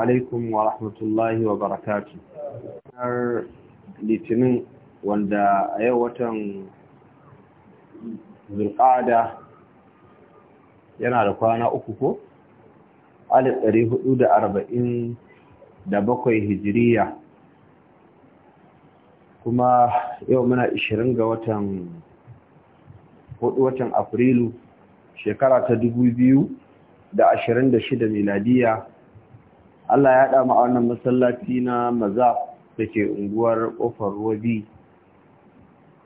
alaikum wa rahmatullahi wa barakatu har litinin wanda a yau watan zulƙada yana da kwana uku ko? alif ɗari hudu da arba'in da bakwai hijiriya kuma yau muna ishirin ga watan hudu watan afrilu shekara ta dubu biyu da ashirin da shida miladiya Allah ya haɗa mu wannan masallaci na maza da ke unguwar ƙofar wabi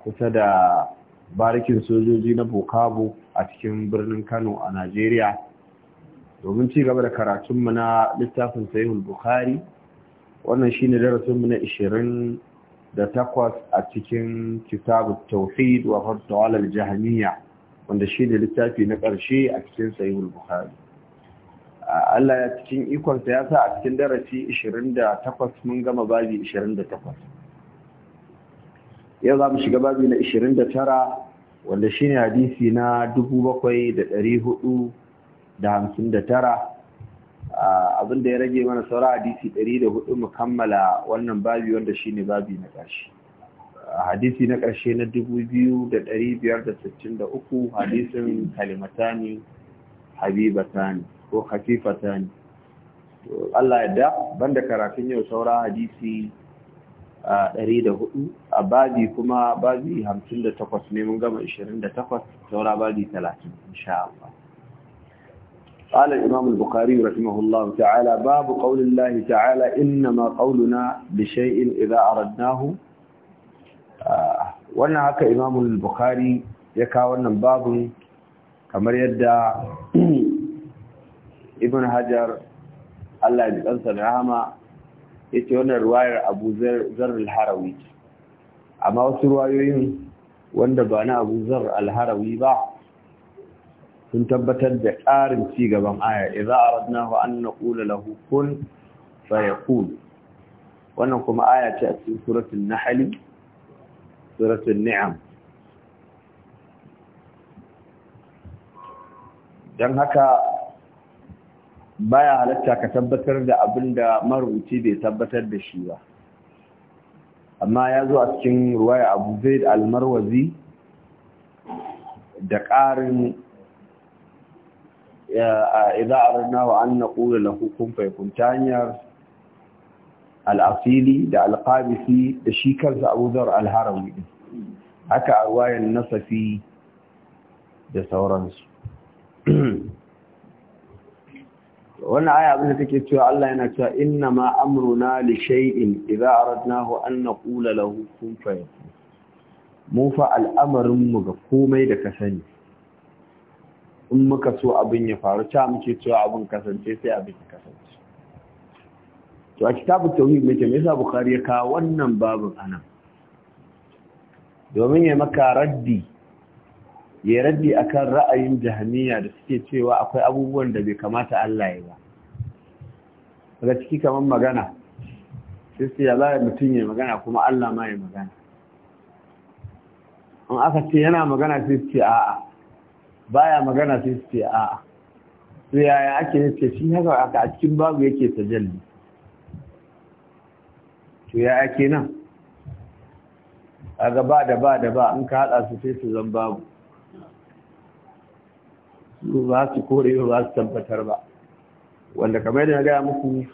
kusa da barikin sojoji na bukabu a cikin birnin Kano a Najeriya domin ci gaba da karatunmu na littafin Sahihul Bukhari wannan shine darasinmu na ishirin da takwas a cikin kitabu tauhid wa tawalar jahaniya, wanda shine littafi na ƙarshe a cikin Sahihul Bukhari Allah ya cikin ikonsa ya sa a cikin darasi 28 mun gama babi 28 yau za mu shiga babi na 29 wanda shine hadisi na 7459 abinda da ya rage mana saura hadisi 104 mu kammala wannan babi wanda shine babi na ƙarshe hadisi na ƙarshe na 2563 hadisin kalimatani habibatani ko khafifata ne to Allah yadda banda karatun yau saura hadisi a 104 a babi kuma babi 58 ne mun gama 28 saura babi 30 insha Allah قال الإمام البخاري رحمه الله تعالى باب قول الله تعالى إنما قولنا بشيء إذا أردناه آه وانا هكا إمام البخاري يكا وانا باب كما يدى ibn hajar Allah ya kansa da rahama ce wannan ruwayar Abu Zar al amma wasu ruwayoyin wanda ba na Abu Zar al ba sun tabbatar da ƙarin ci gaban aya idza aradnahu an naqula lahu kun fayakun wannan kuma aya ce a cikin suratul nahl suratul ni'am haka baya halatta ka tabbatar da abin da marubuci bai tabbatar da shi ba amma ya zo a cikin ruwaya abu zaid almarwazi da ƙarin idza arna wa an naqulu lahu kun fayakun tanyar al-asili da al-qabisi da shi kansa Abu Dhar al-Harawi haka ruwayan nasafi da sauransu wannan aya abin da take cewa Allah yana cewa inna ma amruna li shay'in idza aradnahu an naqula lahu kun fayakun mu fa al'amarin mu ga komai da ka sani in muka so abin ya faru ta muke cewa abin kasance sai abin ya kasance to a kitabu tauhid mai me yasa bukhari ya kawo wannan babin anan domin ya maka raddi ya raddi akan ra'ayin jahmiya da suke cewa akwai abubuwan da bai kamata Allah ya ba daga ciki kamar magana sai sai ya zai mutum ya magana kuma Allah ma ya magana in aka ce yana magana sai su ce a'a baya magana sai su ce a'a sai yaya ake ce shi haka aka a cikin babu yake tajalli to ya ake nan a gaba da ba da ba in ka haɗa su sai su zan babu ba su kore ba su tabbatar ba wanda kamar yadda na gaya muku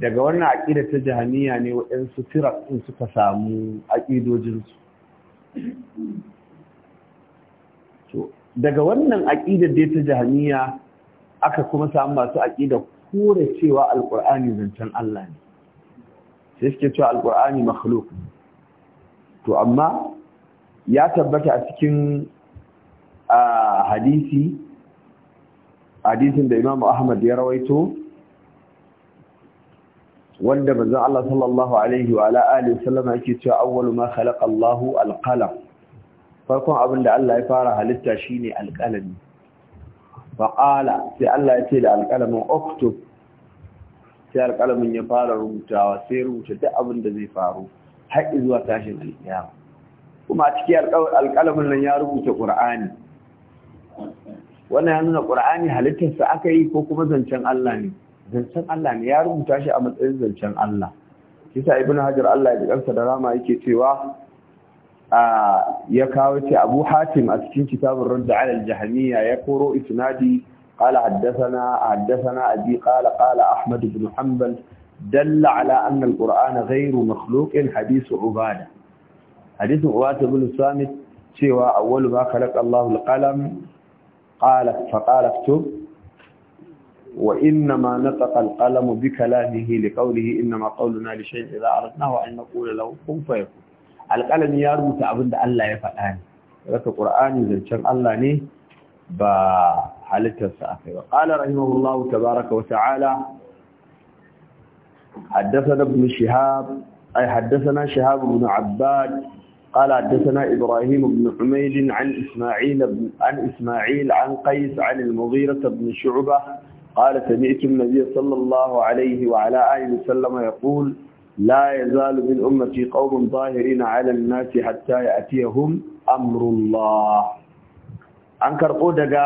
daga wannan aƙida ta jahaniya ne waɗansu tirak ɗin suka samu aƙidojinsu daga wannan aƙidar dai ta jahaniya aka kuma samu masu aƙidar kore cewa alƙur'ani zancen Allah ne sai suke cewa alƙur'ani makhluk to amma ya tabbata a cikin ah, hadisi hadisin da Imam Ahmad ya rawaito wanda manzon Allah sallallahu alaihi wa alihi sallama yake cewa awwalu ma khalaqa Allahu al-qalam farkon abin da Allah ya fara halitta shine al-qalami fa qala sai Allah ya ce da al-qalamin uktub sai al-qalamin ya fara rubutawa sai rubuta duk abin da zai faru har zuwa tashin al-qiyama kuma a cikin al-qalamin nan ya rubuta Qur'ani wannan ya nuna qur'ani halittarsa aka yi ko kuma zancen Allah ne zancen Allah ne ya rubuta shi a matsayin zancen Allah kisa ibnu hajar Allah ya jikarsa da rama yake cewa ya kawo ce abu hatim a cikin kitabun radda alal jahamiya ya koro isnadi قال حدثنا حدثنا أبي قال قال أحمد بن حنبل دل على أن القرآن غير مخلوق حديث عبادة حديث عبادة بن الصامت سوى أول ما قال فقال اكتب وإنما نطق القلم بكلامه لقوله إنما قولنا لشيء إذا أردناه أن نقول له كن فيكون القلم يا رب تعبد الله يفعلني لك القرآن زنشان الله ني بحالته السافة وقال رحمه الله تبارك وتعالى حدثنا ابن شهاب أي حدثنا شهاب بن عباد قال حدثنا إبراهيم بن حميد عن إسماعيل, بن عن إسماعيل عن قيس عن المغيرة بن شعبة قال سمعت النبي صلى الله عليه وعلى آله وسلم يقول لا يزال من أمتي قوم ظاهرين على الناس حتى يأتيهم أمر الله أنكر قودك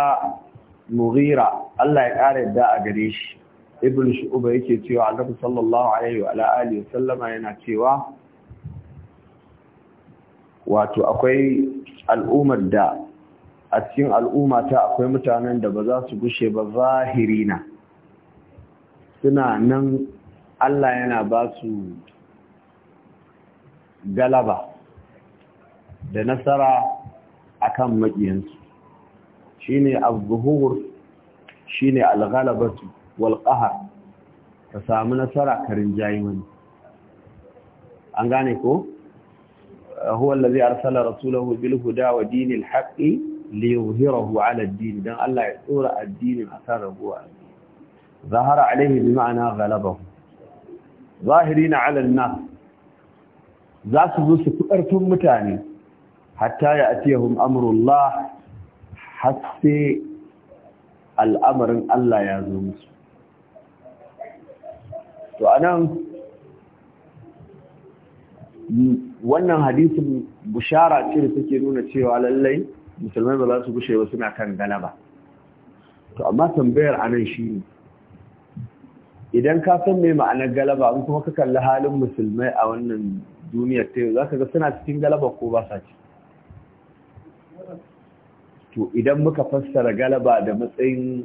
مغيرة الله يقال الداء قريش ابن شعبة يتيوى النبي صلى الله عليه وعلى آله وسلم يناتيوى wato akwai al'ummar da a cikin al'umma ta akwai mutanen da ba za su gushe ba zahiri na suna nan Allah yana ba su galaba da nasara akan maƙiyansu shine az-zuhur shine al-ghalabatu wal Walƙahar? ka samu nasara karin jayi wani an gane ko huwa allazi arsala rasulahu bil huda wa dinil haqqi liyuzhirahu ala ad-din dan Allah ya tsora addinin akan rabuwa zahara alaihi bi ma'ana ghalabahu zahirina ala an-nas za su zo su fi ƙarfin mutane hatta ya atiyahum amrullah hasse al'amarin Allah ya zo musu to anan wannan hadisin bushara ce da take nuna cewa lallai musulmai ba za su gushe ba suna kan galaba to amma tambayar anan ne, idan ka san me ma'anar galaba in kuma ka kalli halin musulmai a wannan duniya ta yau zaka ga suna cikin galaba ko ba sa ci to idan muka fassara galaba da matsayin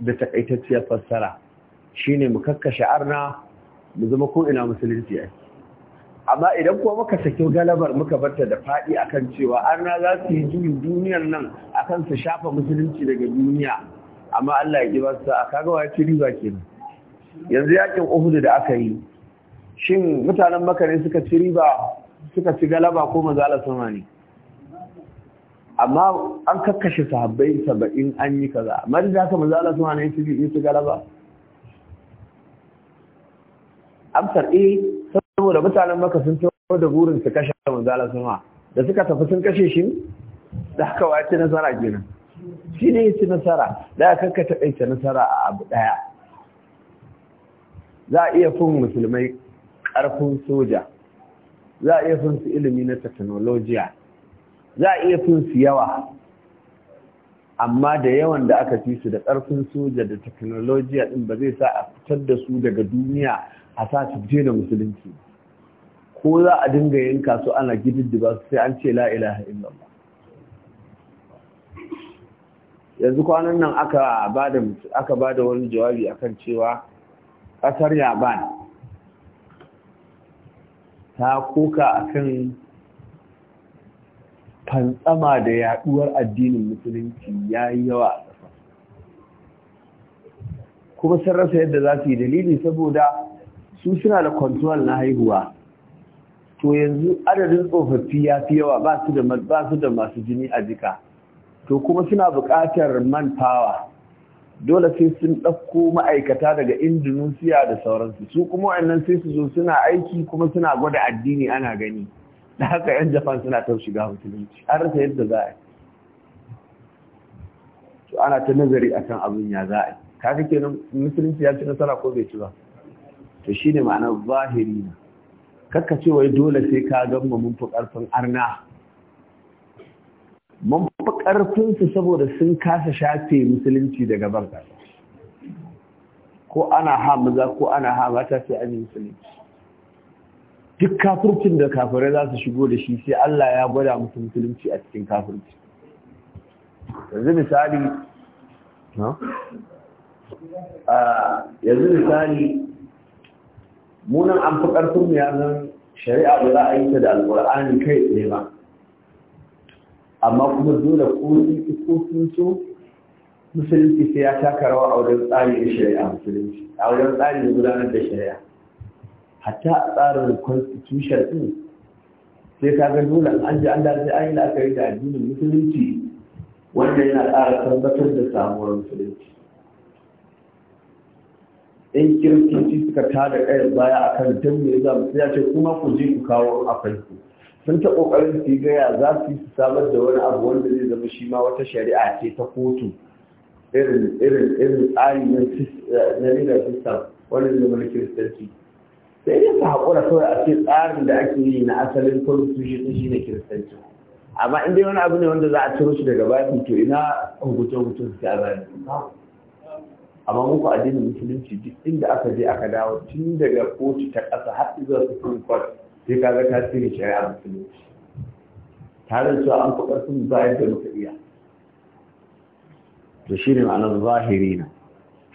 da takaitacciyar fassara shine mu kakkashe arna mu zama ko ina musulunci ake amma idan kuma muka saki galabar muka barta da faɗi akan cewa arna za su yi juyin duniyar nan akan su shafa musulunci daga duniya amma Allah ya ji ba su a kaga wa ci riba kenan yanzu yakin Uhud da aka yi shin mutanen Makka ne suka ci riba suka ci galaba ko mazala sama ne amma an kakkashe sahabbai saba'in an yi kaza amma da haka mazala sama ne ya ci galaba amsar eh saboda mutanen maka sun tawo da burin su kashe manzala Allah sama da suka tafi sun kashe shi da haka wa ci nasara kenan shi ne ya ci nasara da ya kanka taƙaita nasara a abu ɗaya za a iya fin musulmai ƙarfin soja za a iya fun su ilimi na teknolojiya za a iya fun su yawa amma da yawan da aka fi su da ƙarfin soja da teknolojiya ɗin ba zai sa a fitar da su daga duniya a sa su je da musulunci ko za a dinga yanka su ana gididdiba su sai an ce la illallah yanzu kwanan nan aka ba da wani jawabi akan cewa kasar Yaban ta koka akan fantsama da yaduwar addinin musulunci ya yi yawa kuma sun rasa yadda za su yi dalili saboda su suna da control na haihuwa to yanzu adadin tsofaffi ya fi yawa ba su da masu jini a jika to kuma suna buƙatar man power dole sai sun ɗauko ma'aikata daga Indonesia da sauransu su kuma wannan sai su zo suna aiki kuma suna gwada addini ana gani da haka 'yan Japan suna ta shiga musulunci an rasa yadda za a to ana ta nazari akan abin ya za a kaga kenan musulunci ya ci nasara ko bai ci ba to shine ma'anar zahiri na kakka ce wai dole sai ka gama mun fi ƙarfin arna mun fi ƙarfinsu saboda sun kasa shafe musulunci daga ban ko ana ha maza ko ana ha mata sai an yi musulunci duk kafircin da kafirai za su shigo da shi sai Allah ya gwada musu musulunci a cikin kafirci yanzu misali ah, yanzu misali munan an fi ƙarfin mu yanar shari'a da za a yi ta da alƙur'ani kai tsaye ba amma kuma dole ko ko sun so musulunci sai ya taka rawa a wajen tsari da shari'a musulunci a wajen tsari da gudanar da shari'a hatta a tsarin constitution din sai ka ga dole an ji an dace an yi la'akari da addinin musulunci wanda yana tsara tabbatar da samuwar musulunci in kiristoci suka tada kayan baya a kan me za mu sai ce kuma ku je ku kawo a farko sun ta kokarin su gaya za su yi samar da wani abu wanda zai zama shi ma wata shari'a ce ta kotu irin irin irin tsari na legal system wani zama na kiristanci sai dai su haƙura kawai a ce tsarin da ake yi na asalin constitution shi ne kiristanci amma in dai wani abu ne wanda za a ciro shi daga baki to ina hukuce-hukuce su ta zai amma muku addinin musulunci duk inda aka je aka dawo tun daga kotu ta ƙasa har zuwa supreme court sai ka ga tasirin shari'a musulunci tare cewa an fi ƙarfin bayar da muka iya to shi ne ma'anar zahiri na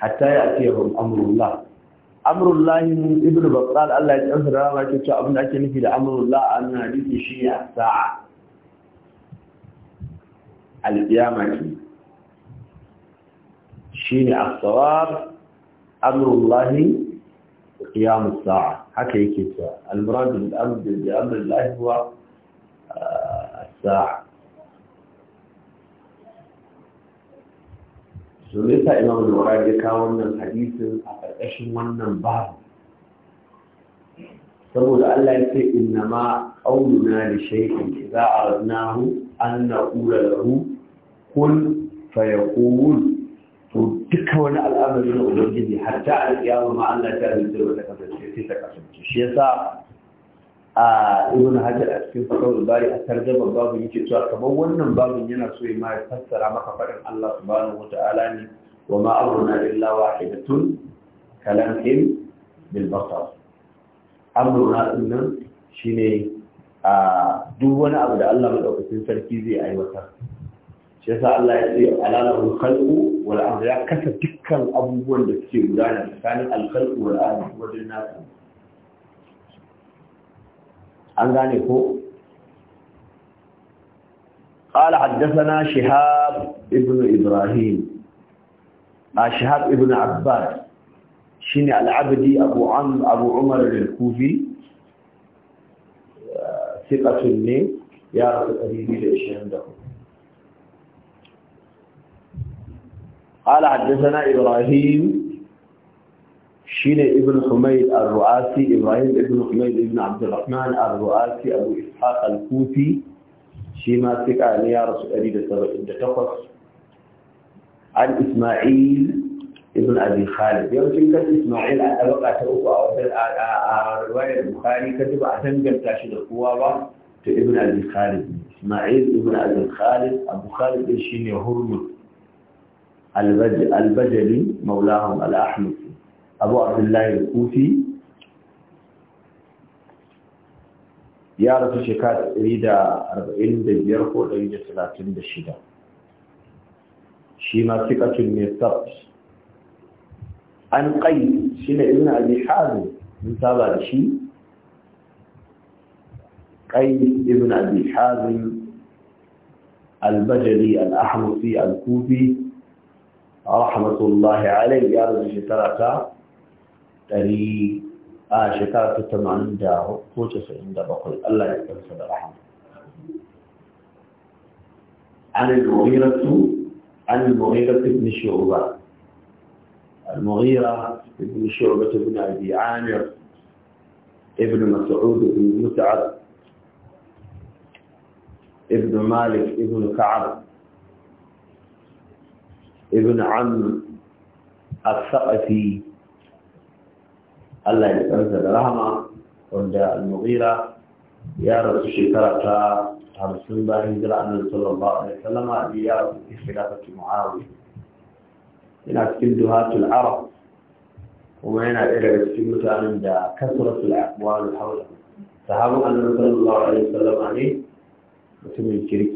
hatta ya ce hun amurullah amurullah ibn da allah ya tsansa da rama ke cewa abin da ake nufi da amurullah a nuna hadisi shi ne a sa'a alƙiyama ce shine الصواب أمر الله قيام الساعة حكى يكيسا المراد بالأمر بأمر الله هو آه، الساعة سنسى إمام المراد يكاونا الحديث أفرقشن ونا بعض سبول الله يكي إنما قولنا لشيء إذا أردناه أن نقول له قل فيقول duka wani al'amari na ubangiji hatta ta ma Allah ta rubuta wata kasance ta kasance shi yasa a ibn hajar a cikin fatawul bari a tarjama babu yake cewa kamar wannan babun yana so ya ma fassara maka faɗin Allah subhanahu ta'ala ne wa ma amruna illa wahidatun kalamhim bil basar amruna dinnan shine a duk wani abu da Allah madaukakin sarki zai aiwatar shi yasa Allah ya ce alalahu khalqu wal’ar ya kasa dukkan abubuwan da suke gudana tsakanin alkalku wal’ar wajen nasa an gane ko? ƙala haddasa shihab ibn ibrahim a shihab ibn abbas shi ne abu umar rikufi sikatun ne ya rasu 224 قال حدثنا إبراهيم شين ابن حميد الرؤاسي إبراهيم ابن حميد ابن عبد الرحمن الرؤاسي أبو إسحاق الكوفي شيما سكا يا رسول الله تقص عن إسماعيل ابن أبي خالد يمكن كان إسماعيل على بقى تأوى رواية البخاري كتب عشان قال تاشد القوة ابن أبي خالد إسماعيل ابن أبي خالد أبو خالد الشيني هرمز albajali maulahun al'ahmus abu abdullahi kufi ya rasu shekara 145 ko 136 shi ma sikatun mai sabt an kai shi ne ibn abi mun saba da shi kai ibn abi hazim al-bajali al-ahmusi al-kufi رحمة الله عليه يا رب شترك تري آشكار آه، تتمان داو كوتس عند بقل الله يكبر صلى الله عن المغيرة عن المغيرة بن شعبة المغيرة بن شعبة بن أبي عامر ابن مسعود بن متعب ابن مالك ابن كعب ابن عم الثقفي الله يتنزل رحمه عند المغيرة يا رسول شكرك رسول الله هجر أن صلى الله عليه وسلم يا رسول في خلافة معاوية إن أكتبدها العرب وما هنا إلى أكتب عند كثرة الأقوال حوله صحاب أن صلى الله عليه وسلم عليه وسلم الشريك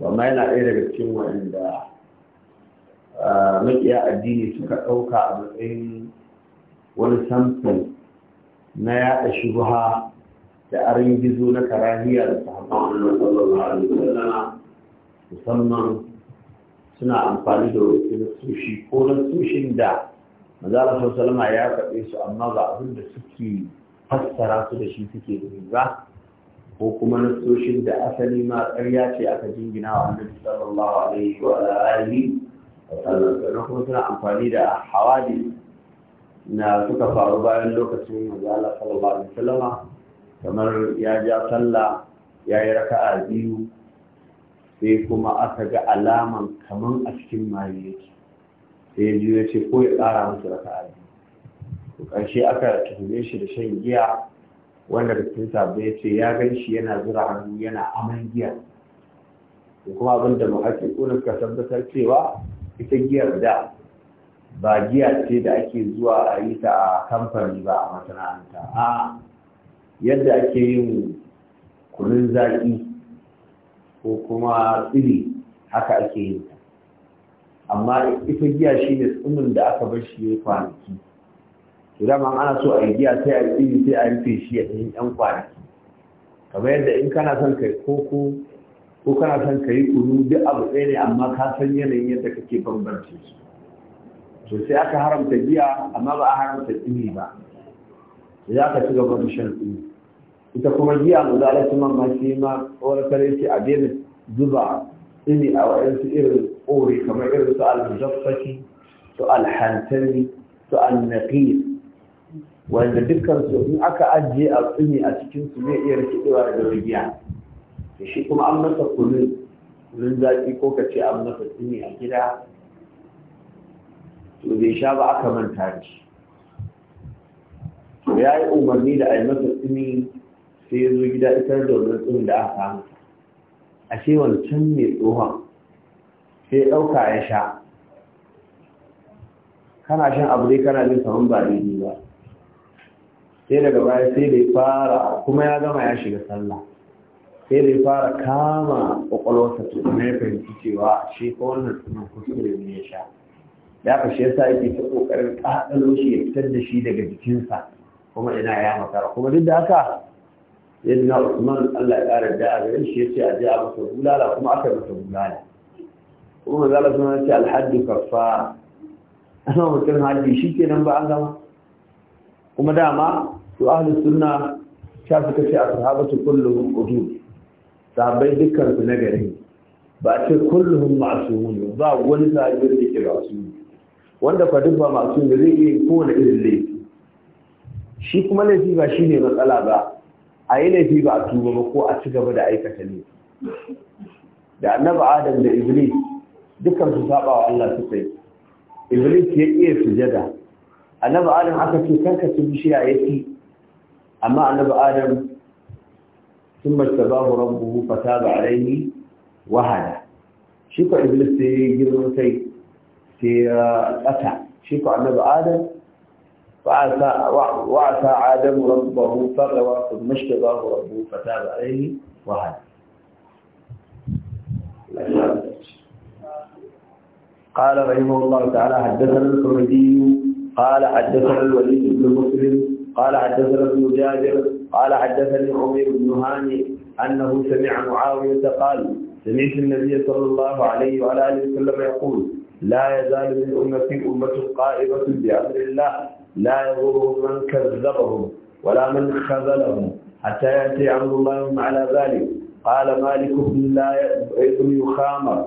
وما هنا إلى أكتب عند makiya addini suka ɗauka a matsayin wani samfin na yaɗa shubha da arin gizo na karahiya da sahabban musamman suna amfani da wakil sushi ko na sushin da mazala sau salama ya faɗe su amma ba abin da suke fassara su da shi suke ba ko kuma na sushin da asali ma ƙarya ce aka jingina wa annabi sallallahu alaihi wa alihi sannan kuma suna amfani da hawadi na suka faru bayan lokacin manzala sallallahu alaihi kamar ya ja sallah ya yi raka'a biyu sai kuma aka ga alaman kaman a cikin maye yake sai ya ce ko ya ƙara musu raka'a biyu ƙarshe aka tuhume shi da shan giya wanda da cikin sabbi ya ce ya gan shi yana zura hannu yana aman giya da kuma abin da na suka tabbatar cewa ita giyar da ba giya ce da ake zuwa a yi ta a kamfani ba a masana'anta a yadda ake yin kunun zaƙi ko kuma tsiri haka ake yin ta amma ita giya shi ne tsimin da aka bar shi ya kwanaki to dama ana so a yi giya sai a tsiri sai a rufe shi a cikin yan kwanaki kamar yadda in kana son kai koko ko kana son ka yi kunu duk abu ɗaya ne amma ka san yanayin yadda kake bambance su to sai aka haramta giya amma ba a haramta tsini ba sai aka ci gaba da shan tsini ita kuma giya mu zala kuma ma shi ma tsoratar a daina zuba tsini a wa'yansu irin ƙori kamar irin su al-mujaffaki su al-hantari su al-naqir wanda dukkan su in aka ajiye a tsini a cikin su zai iya rikidewa daga giya da shi kuma an masa kunun kunun zaƙi ko ka ce an masa tsini a gida to bai sha ba aka manta da shi ya yi umarni da a yi masa tsini sai ya zo gida itar da wannan tsinin da aka samu ashe wancan mai tsohon sai ɗauka ya sha kana shan abu dai kana jin saman ba daidai ba sai daga baya sai bai fara kuma ya gama ya shiga sallah sai da ya fara kama kwakwalwarsa to kuma ya fahimci cewa shi ko wannan sunan kuskure ne ya sha da aka shi yasa yake ta kokarin ƙaƙalo shi ya fitar da shi daga jikinsa kuma ina ya makara kuma duk da haka yadda usman allah ya ƙara da a garin shi ya ce a je a masa bulala kuma aka masa bulala kuma maza la suna ce alhaddu kafa ana mutum haddi shi ke nan ba an gama kuma dama su ahlus sunna sha suka ce a sahabatu kullum udud sabai dukkan su na gari ba ce masu wuni ba wani sahabi da masu wuni wanda fa ba masu ma'sumi zai yi wani irin laifi shi kuma laifi ba shine matsala ba a yi laifi ba a tuba ba ko a ci gaba da aikata ne da annaba adam da iblis dukkan su saba wa Allah su sai iblis ya iya sujada annaba adam aka ce kanka su bishiya ya ci amma annaba adam ثم اجتباه ربه فتاب عليه وهدى شكو إبليس في سي في آه، أتع شكو النبي آدم وعسى وعسى آدم ربه فقوى ثم اجتباه ربه فتاب عليه وهدى قال رحمه الله تعالى حدثنا الكردي قال حدثنا الوليد بن مسلم قال حدثنا ابن جابر قال حدثني عمير بن هاني أنه سمع معاوية قال سمعت النبي صلى الله عليه وعلى آله وسلم يقول لا يزال من أمتي أمة قائمة بأمر الله لا يضرهم من كذبهم ولا من خذلهم حتى يأتي أمر الله على ذلك قال مالك بن لا يخامر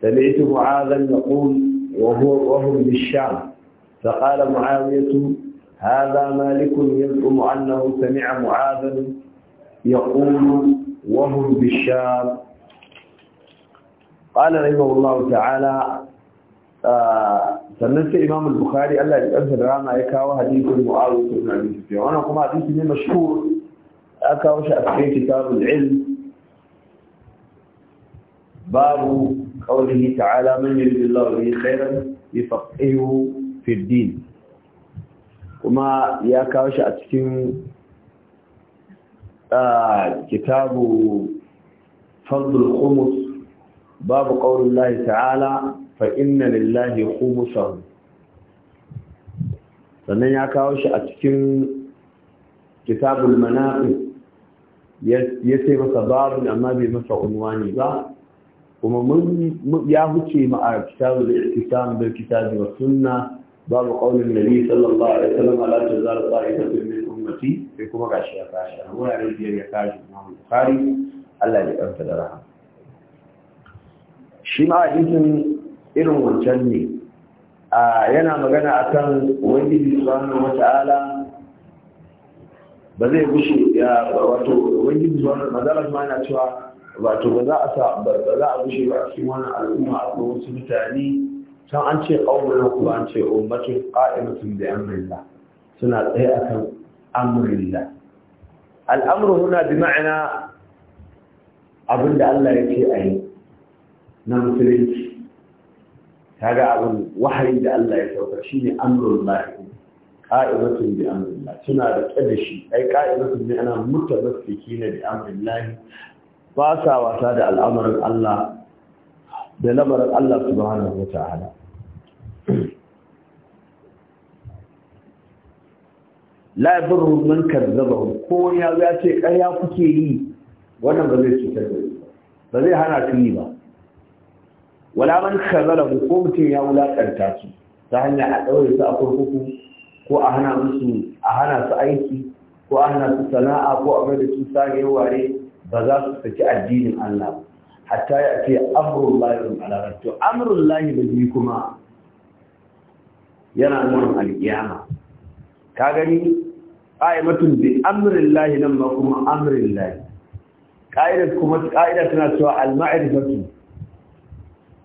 سمعت معاذا يقول وهو وهم بالشام فقال معاوية هذا مالك يزعم أنه سمع معاذا يقول وهم بالشام قال رحمه الله تعالى آه، سننسى إمام البخاري الله يؤذر رامى يكاوى المعاوذ بن ابي سفيان وانا قم عديث مشهور مشكور أكاوى شأفين كتاب العلم باب قوله تعالى من يريد الله به خيرا يفقهه في الدين kuma ya kawo shi a cikin kitabu fadlul khumus babu qaulullahi ta'ala fa inna lillahi khumusan sannan ya kawo shi a cikin kitabul manafi ya sai masa babu amma bai masa unwani ba kuma ya huce ma a kitabul ihtisam bil kitabi was sunna باب قول النبي صلى الله عليه وسلم لا تزال طائفه من امتي في كما قاشي أكاشي هو عليه يكاشي امام البخاري الله يأمت درها شيما اذن hadisin irin wancan ne yana magana akan wani subhanahu wata'ala ba zai gushe ya wato wani subhanahu mazala ma yana cewa wato ba za a sa ba a gushe ba a cikin wannan al'umma a wasu mutane can an ce ƙaunar kuwa an ce ummatin ƙa'imatun da amrilla suna tsaye akan amrilla al'amuru huna bi ma'ana abinda Allah ya ce a yi na musulunci ta ga abin wahayi da Allah ya sauka shi ne amurin lahi ƙa'ibatun bi amurin lahi suna da ƙada shi ai ƙa'ibatun da ana mutu mafiki na bi amurin lahi ba sa wasa da al'amuran Allah da lamarin Allah subhanahu wa ta'ala la yadurru man kazzabahu ko ya ya ce ƙarya kuke yi wannan ba zai cutar da ba zai hana su yi ba wala man kazzalahu ko mutum ya wulakanta su ta hanya a ɗaure su a kurkuku ko a hana musu a hana su aiki ko a hana su sana'a ko a mai da su sage ware ba za su saki addinin Allah hatta ya ce amrul lahi ala to amrul lahi kuma yana nuna alkiyama ka gani qa'imatun bi amrillahi nan ma kuma amrillahi qa'ida kuma qa'ida tana cewa al-ma'rifatu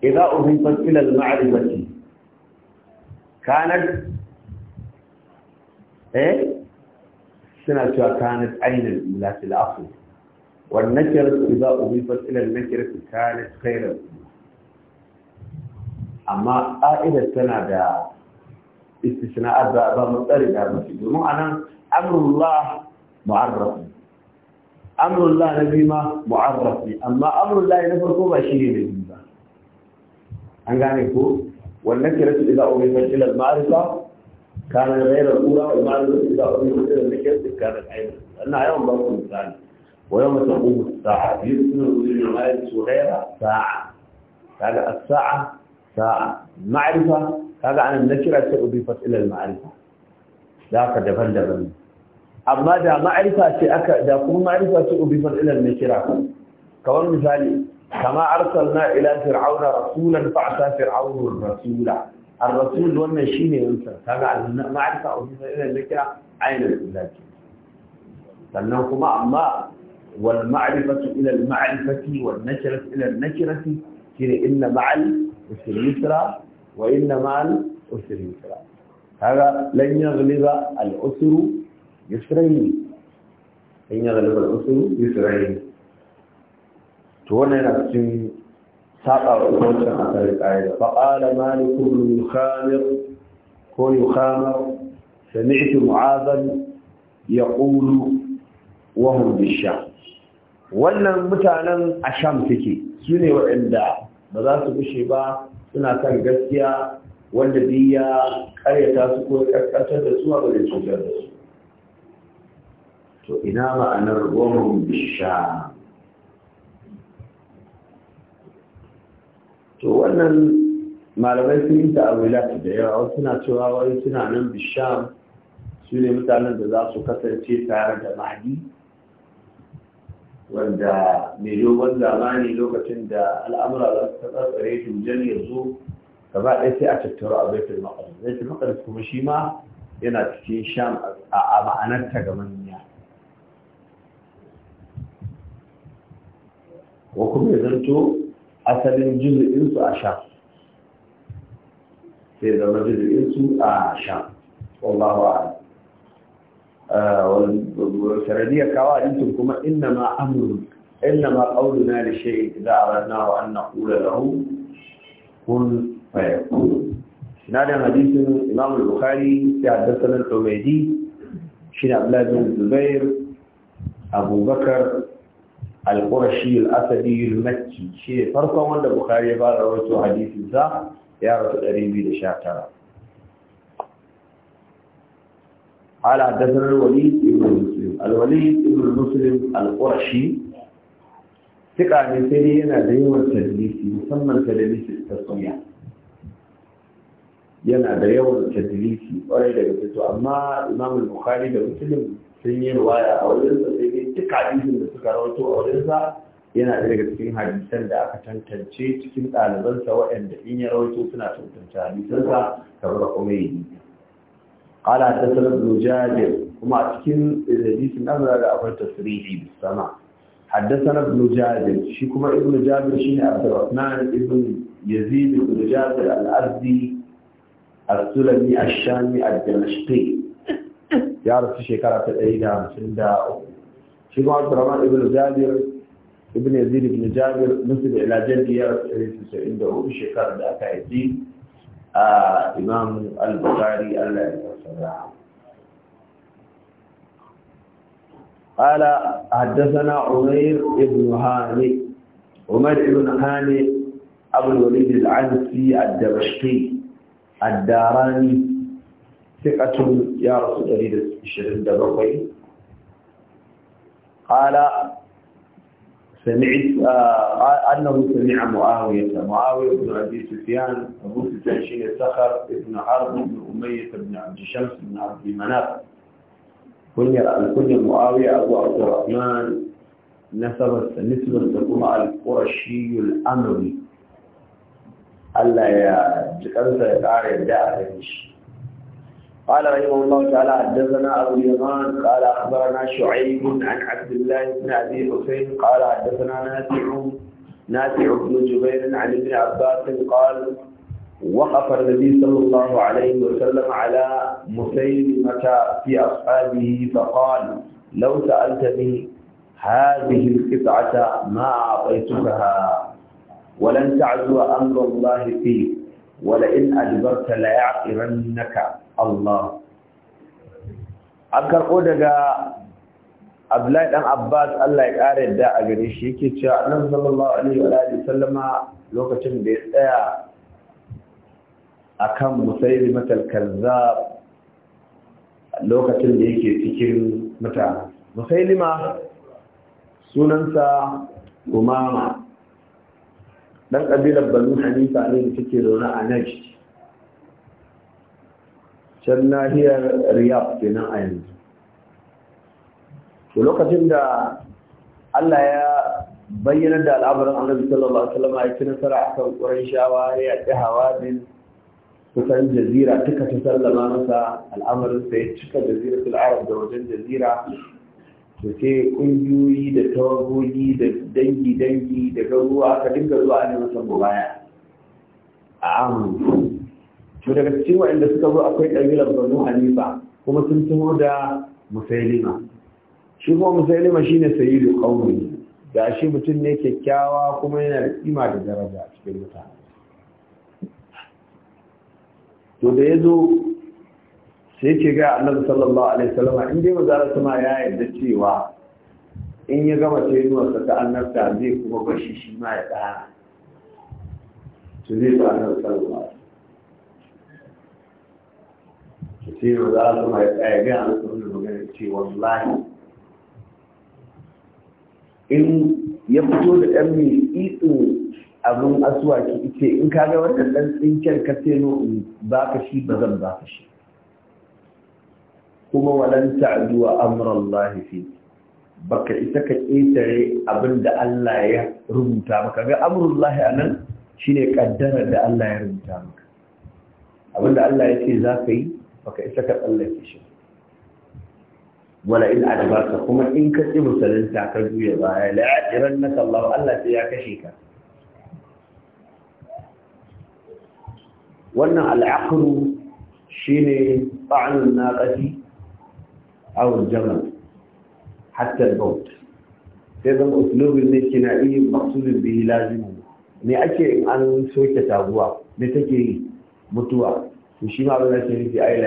idza uhifat ila al-ma'rifati kanat eh suna cewa kanat ainul ila fil asl wan nakiratu idza uhifat ila al-nakirati kanat khayran amma qa'ida tana da استثناءات بقى مضطرب يا مسيح معنى امر الله معرف امر الله نبيما معرف اما امر الله نفرقه بشيء نبيما ان كان يقول والنكرة اذا اضيفت الى المعرفة كان غير الاولى والمعرفة اذا اضيفت الى النكرة كانت عيبا لانها يوم ضرب الثاني ويوم تقوم الساعة يمكن ان يكون المعرفة غير ساعة كان الساعة ساعة المعرفة kaga anan na kira ce udifat ila al-ma'rifa da haka daban-daban amma da ma'arifa ce aka da kuma ma'rifa ce udifat ila al-nakira kawai misali kama arsalna ila fir'auna rasulan fa'ata fir'aunu rasula ar-rasul wannan shine wancan kaga ma'rifa udifat ila al-nakira ainul ilaki sannan kuma amma wal ma'rifatu ila al-ma'rifati wan nakiratu ila an-nakirati shine inna ma'al yusra wa inna ma'al usri yusra kaga lan yaghliba al usru yusrayn lan yaghliba al usru yusrayn to wannan yana cikin saba wa wancan asali سمعت معاذا يقول وهم بالشام wannan mutanen a sham suke su ne waɗanda ba za su bushe ba suna kan gaskiya wanda ya karyata su ko karkatar da su a bada cutar da su to ina ma'anar gomin bisha to wannan malamai sun yi ta'awila da yawa suna cewa wani suna nan bisham su ne mutanen da za su kasance tare da mahdi wanda mai dogon zamani lokacin da al'amura za su tsatsare tujen ya zo gaba ɗaya sai a tattaro a baitul maqdis baitul maqdis kuma shi ma yana cikin sham a ma'anarta ga manya ko kuma ya zanto asalin su a sham sai zama su a sham wallahu a'lam sanadiyar kawo hadisin kuma inna ma amru inna ma qauluna li shay'in idza aradna wa an naqula kun fayakun sinadan hadisin imam al-bukhari ya haddathana al-umaydi shine abdullah zubair abubakar al-qurashi al-asadi al-makki shine farkon wanda bukhari ya fara rawaito hadisin sa ya rasu 219 قال حدثنا الوليد بن مسلم الوليد بن مسلم القرشي ثقة من سيدي أنا دايما تدليسي مسمى تدليس التصنيع yana da yawan tadlisi kwarai daga gaske amma Imam Bukhari da Muslim sun yi riwaya a wajen sa sai dai duk hadisin da suka rawaito a wajen yana daga cikin hadisan da aka tantance cikin ɗalibansa waɗanda in ya rawaito suna tantance hadisansa kamar kuma yi قال حدثنا ابن جابر وما أتكين الحديث الأمر على أبو تفريحي بالسماع حدثنا ابن جابر شيكما ابن جابر شيخ عبد الرحمن ابن يزيد بن جابر الأرضي السلمي الشامي الدمشقي يعرف شيكارة الأيدة مسندا شيخ عبد الرحمن ابن جابر ابن يزيد بن جابر نسب إلى جدي يعرف عنده شيكارة الأكايدي آه إمام البخاري قال حدثنا عمير ابن هاني عمير ابن هاني ابو الوليد العنسي الدمشقي الداراني ثقة يا رسول الله الشريف الدبقي قال سمعت آه أنه سمع معاوية معاوية بن أبي سفيان أبو سفيان شين سخر بن عرب بن أمية بن عبد شمس بن عبد مناف كنيا كن معاوية أبو عبد الرحمن نسبة نسبة تكون القرشي الأموي الله يا جكانسا يا قاري يا داعي قال رحمه الله تعالى حدثنا أبو اليمان قال أخبرنا شعيب عن عبد الله بن أبي حسين قال حدثنا نافع نافع بن جبير عن ابن عباس قال وقف النبي صلى الله عليه وسلم على مسيلمة في أصحابه فقال لو سألتني هذه القطعة ما أعطيتكها ولن تعزو أمر الله فيك ولئن naka Allah? An أكر daga Abdullahi dan Abbas Allah ya kare da a gare shi yake cewa Annabi sallallahu alaihi wa alihi sallama lokacin da ya tsaya akan Musayyib matal kazzab lokacin da yake cikin mutane Musaylima sunansa Umama dan ƙabilar banu hanifa ne da take zaune a najd can nahiyar riyab kenan a yanzu to lokacin da Allah ya bayyana da al'amuran annabi sallallahu alaihi wasallam ya ci nasara akan shawa, ya hawa hawadin kusan jazira duka ta sallama masa al'amarin ya cika jaziratul arab da wajen jazira to sai ƙungiyoyi da tawagogi da dangi-dangi da garuwa aka dinga zuwa ne masa baya a amurka to daga cikin waɗanda suka zo akwai ɗabilar banu hanifa kuma sun taho da musailima shi kuma musailima shine ne sayi da shi mutum ne kyakkyawa kuma yana da kima da daraja cikin mutane to da ya zo. sai ce ga annabi sallallahu alaihi wasallam in dai wazara sama ya yarda cewa in ya gama wasa ta annabta zai kuma bashi shi ma ya ɗaya su zai ba annabi sallallahu alaihi wasallam sai wazara sama ya tsaya ga annabi sallallahu alaihi wasallam ce wallahi in ya fito da ɗan mai itsin abin asuwaki ice in ka ga wannan ɗan tsinken ka seno in ba ka shi ba zan ba ka shi kuma walan ta'duwa amrallahi fi baka isa ka ƙetare abin da Allah ya rubuta maka ga amrullahi anan shine kaddara da Allah ya rubuta maka abin da Allah ya ce za ka yi baka isa ka tsallake shi wala in adbarka kuma in ka ci musulunta ka juya baya la na Allah Allah sai ya kashe ka wannan al'aqru shine ba'al naqati أو الجمل حتى الموت سيظن أسلوب الاجتماعي مقصود به لازم me ake in an soke taguwa me take yi mutuwa to shi ma abin da ke ai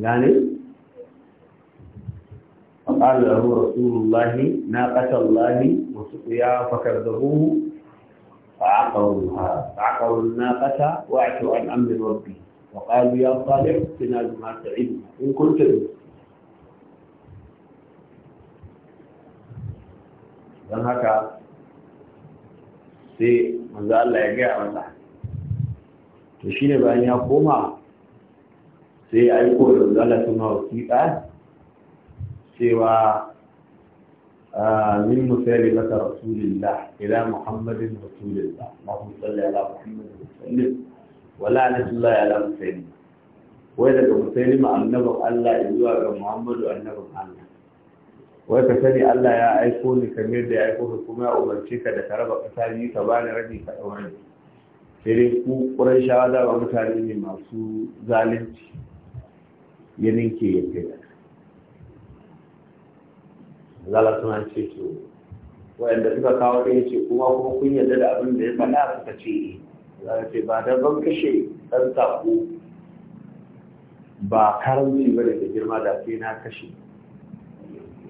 la na فقال له رسول الله ناقة الله وسقيا فكذبوه فعقروا الناقة واعتوا عن أمر ربي وقالوا يا صالح ائتنا بما تعدنا إن كنت don haka sai manzo Allah ya gaya masa to shine bayan ya koma sai ya aiko da manzo Allah sun hawa wasiƙa cewa min musali mata rasulillah ila muhammadin rasulillah ma salli ala muhammadin rasulillah wala na Allah ya lamu sai wai daga musulma annabin Allah zuwa ga Muhammadu annabin Allah wai ka sani Allah ya aiko ni kamar da ya aiko ka kuma ya umarce ka da karaba raba kasa biyu ka bani rabi ka ɗaure sai ku shawa ba mutane ne masu zalunci ya ninke ya kai da suna ce to wa'anda suka kawo ɗaya ce kuma kuma kun yarda da abin da ya faɗa suka ce eh za ba da ban kashe ɗan saƙo ba karanci ba da girma da sai na kashe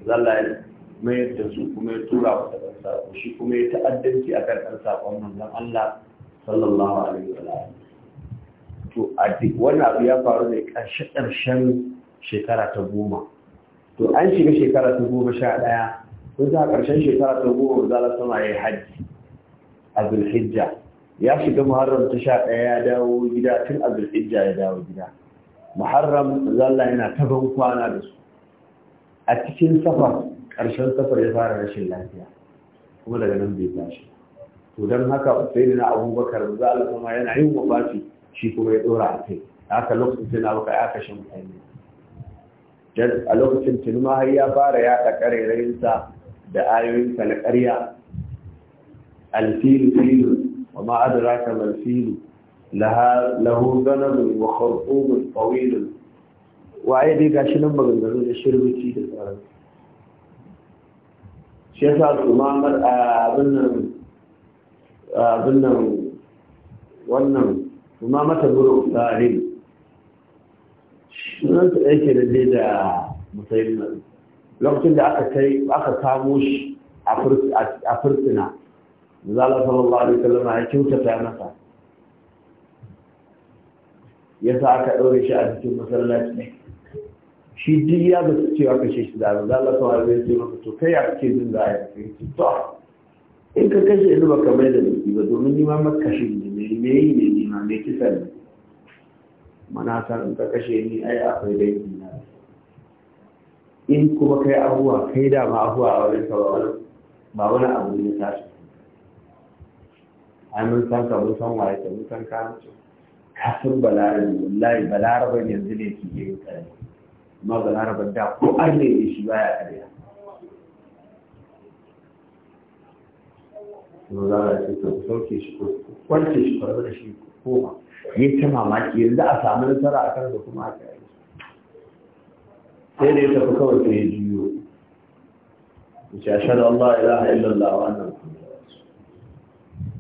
zalla ya mayar da su kuma ya tura wa ɗan saƙo shi kuma ya ta'addanci a kan ɗan saƙon manzon Allah sallallahu alaihi wa sallam to a wannan abu ya faru ne ƙarshe ƙarshen shekara ta goma to an shiga shekara ta goma sha ɗaya kun sa ƙarshen shekara ta goma zala sama ya yi hajji a zulhijja ya shiga muharram ta sha ɗaya ya dawo gida tun a zulhijja ya dawo gida muharram zalla yana ta ban kwana da su a cikin safar ƙarshen safar ya fara rashin lafiya kuma daga nan bai tashi to don haka sai na abubakar za a kuma yana yin wafati shi kuma ya ɗora a kai haka lokacin sai na baka ya kashe mutane a lokacin tilma har ya fara yaɗa ƙarerayinsa da ayoyinsa na ƙarya alfilu filu وما أدراك ما الفيل لها له ذنب وخرطوم طويل waye dai gashi nan maganganu da shirbici da tsaron yasa su mamar abin nan wannan su mamata buru tsarin sunan su yake da dai da musayin lokacin da aka kai aka kamo shi a fursuna zala sallallahu alaihi wasallam ya kyautata masa yasa aka ɗaure shi a cikin masallaci ne shi duk ya ga cewa kashe shi da zala za Allah sallallahu alaihi wasallam maka to kai ya kake din da a to in ka kashe ni ba ka mai da ni ba domin ni ma makashi ne me yi ne ni ma me kisa ne mana san in ka kashe ni ai akwai dangi na in kuma kai abuwa kai da ma abuwa a wurin wasallam ba wani abu ne tashi ai mun san ka mun san waye ka mun san ka ka san balarabe wallahi balarabe yanzu ne ke yin kare amma balarabe da ko an ne shi baya kare to za a ce to sauke shi ko kwance shi farbar da shi koma yi ta mamaki yanzu a samu nasara a kan da kuma aka yi sai da ya tafi kawai sai ya juyo ya ce ashhadu an la ilaha illallah wa anna muhammadan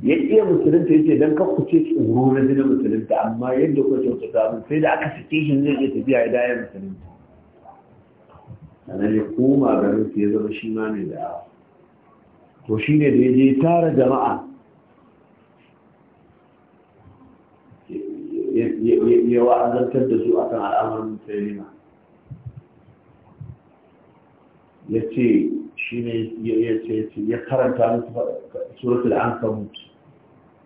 ya iya musulunta ya ce don kakkuce tsoro na jinin musulunta amma yadda kuwa kyauta samun sai da aka sake shi zai iya tafiya ya daya musulunta sannan ya koma garin ya zama shi ma mai da'awa to shi ne da ya je tara jama'a ya wa'azantar da su akan al'amarin musulunta ya ce shi ne ya karanta musu suratul an mutu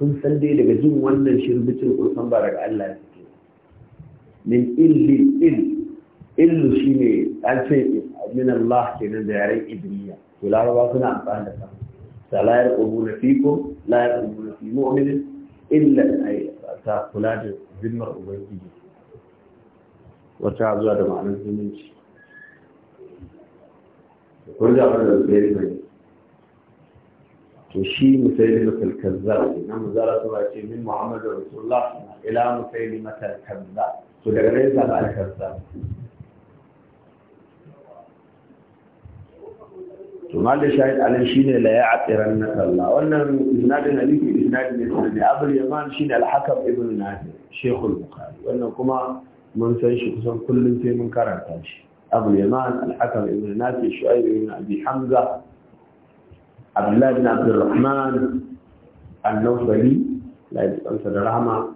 kun san dai daga jin wannan shirbicin kun san ba daga Allah ya fito min illi ill illu shine an ce min Allah ke nan da yaren ibriya to larabawa suna amfani da kan da na yarqubuna fikum la na fi mu'minin illa a ta kula da zimmar ubangiji wata zuwa da ma'anar zumunci kun ga wannan da bai وشي مسيلمة الكذاب إنما زالت رأيتي من محمد رسول الله إلى مسيلمة الكذاب فجأة ليس على الكذاب ثم قال الشاهد على الشين لا يعترنك الله وأن إذناد النبي إذناد النبي أبو اليمان شين الحكم ابن نادر شيخ البخاري كما من سيش قسم كل من كرم تاشي أبو اليمان الحكم ابن نادر شعيب ابن أبي حمزة عبد الله بن عبد الرحمن النوفلي لا يدرس دراما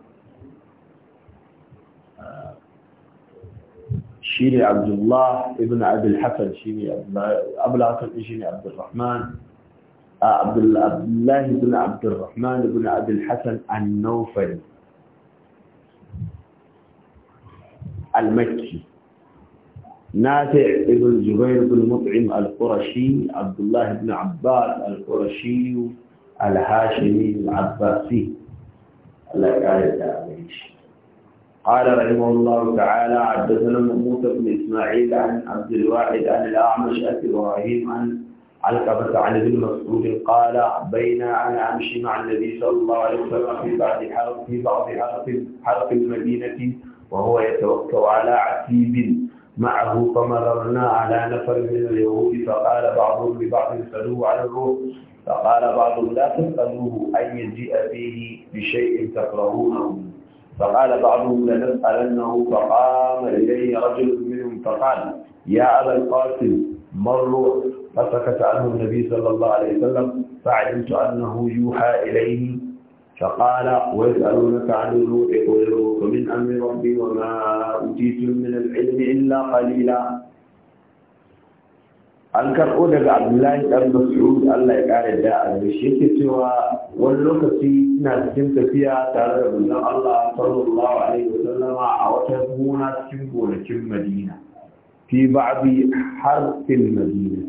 شيري عبد الله ابن عبد الحفر شيري عبد الله ابو العاصم عبد الرحمن عبد الله بن عبد الرحمن بن عبد الحسن النوفلي المكي نافع بن جبير بن مطعم القرشي عبد الله بن عباس القرشي الهاشمي العباسي الله قال رحمه الله تعالى حدثنا موسى بن اسماعيل عن عبد الواحد عن الاعمش ابراهيم عن علقبة عن ابن مسعود قال بين انا امشي مع النبي صلى الله عليه وسلم في بعض حرف في بعض حرف حرف المدينه وهو يتوكل على عتيب معه فمررنا على نفر من اليهود فقال بعضهم لبعض سلوه على الروح فقال بعضهم لا تسألوه أن يجيء فيه بشيء تكرهونه فقال بعضهم لنسألنه فقام إليه رجل منهم فقال يا أبا القاسم ما الروح فسكت عنه النبي صلى الله عليه وسلم فعلمت أنه يوحى إليه فقال ويسألونك عن الروح قل من أمر ربي وما أوتيتم من العلم إلا قليلا an karɓo daga abdullahi ɗan mas'ud allah ya ƙara da albishi yake cewa wani lokaci ina cikin tafiya tare da manzon allah sallallahu alaihi wa sallama a wata gona cikin gonakin madina fi ba'bi harfin madina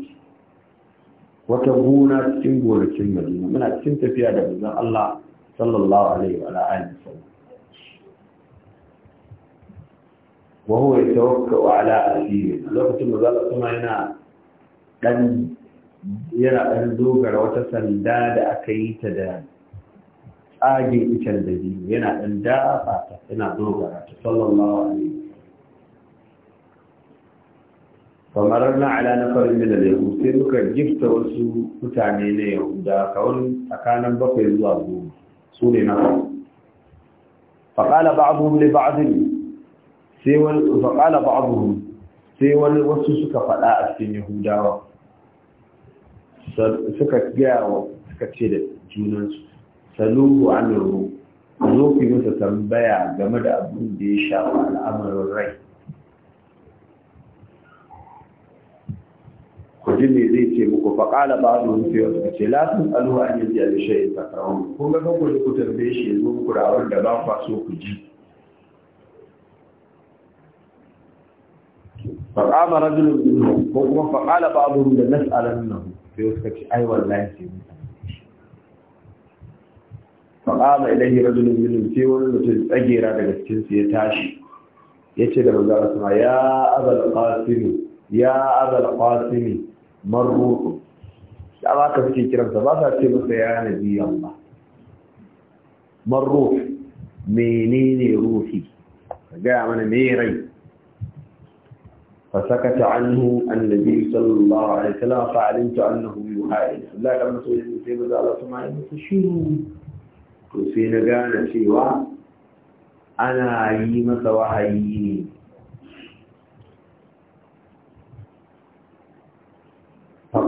wata cikin muna cikin tafiya da manzon sallallahu alaihi wa alihi wasallam wa huwa yatawakkau ala alihi lokacin da kuma yana dan yana wata sanda da aka yi ta da tsagin itar da biyu yana dan dafa ta yana dogara sallallahu alaihi famararna ala na farin da sai muka gifta wasu mutane na yahuda kawai tsakanin bakwai zuwa goma su ne na faƙala sai sai wani wasu suka faɗa a cikin yahudawa suka gaya wa suka ce da junansu saluhu an ruhu zo ku masa tambaya game da abin da ya shafa al'amarin rai mutum ne zai ce muku faƙala ba ba'du sai wasu ce la tasalu a bishe ya shay'in takrahu kun ga kanku ku tambaye shi zo muku rawar da ba kwa so ku ji Faƙama qama rajulun minhum ko kuma fa qala na da nas'alannahu sai wasu ce ai wallahi sai faƙama idan yi rajulun minin sai wani mutum tsagera daga cikinsu ya tashi ya ce da maza sama ya azal qasimi ya azal qasimi marruhu da ba ka suke kiransa ba sa ce masa ya nabi Allah marruh menene ruhi ka gaya mana me rai فسكت عنه النبي صلى الله عليه وسلم فعلمت انه يحاول لا لما سوي sai maza Allah sama ya shiru to sai na gane cewa ana yi masa wahayi ne